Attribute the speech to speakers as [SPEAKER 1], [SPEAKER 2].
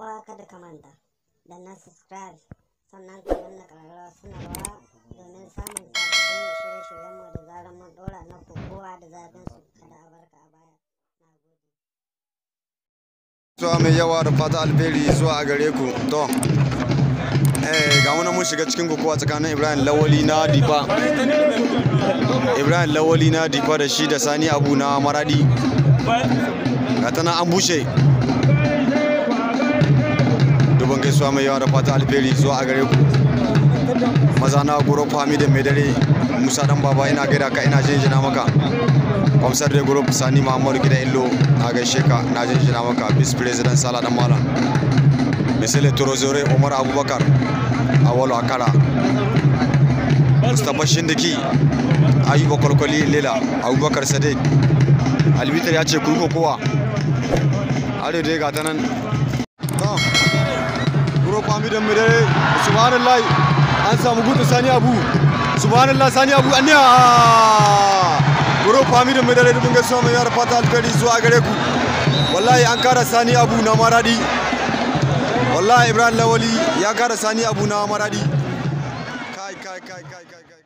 [SPEAKER 1] Kowa kada ka manta da na subscribe sannan ka danna ƙararrawa sanarwa domin samun sabbin shirye-shiryenmu da zarar mun ɗora na kowa da zafin su kada a barka a baya. zuwa mai yawa da fata alheri zuwa a gare ku to eh, ga wani mun shiga cikin kokowa tsakanin ibrahim lawali na difa ibrahim lawali na difa da shi da sani abu na maradi ga tana an bushe gaisuwa mai yawa da fata alheri zuwa a gare ku maza na goro fami da mai dare musa dan baba ina gaida ka ina jinjina maka kwamsar da goro sani muhammadu gida illo na gaishe ka na jinjina maka vice president sala dan malam misali turozore umar abubakar awalo akara mustapha shindiki ayuba kwalkwali lela abubakar sadiq albitar ya ce kurko kowa arewa dai ga ta nan hamidu mudare subhanallah an samu gutun sani abu subhanallah sani abu an ya buro hamidu mudare dubin gaisuwa mai yara fata alkhairi zuwa gare ku wallahi an kara sani abu na maradi wallahi ibrahim lawali ya kara sani abu na maradi kai kai kai kai kai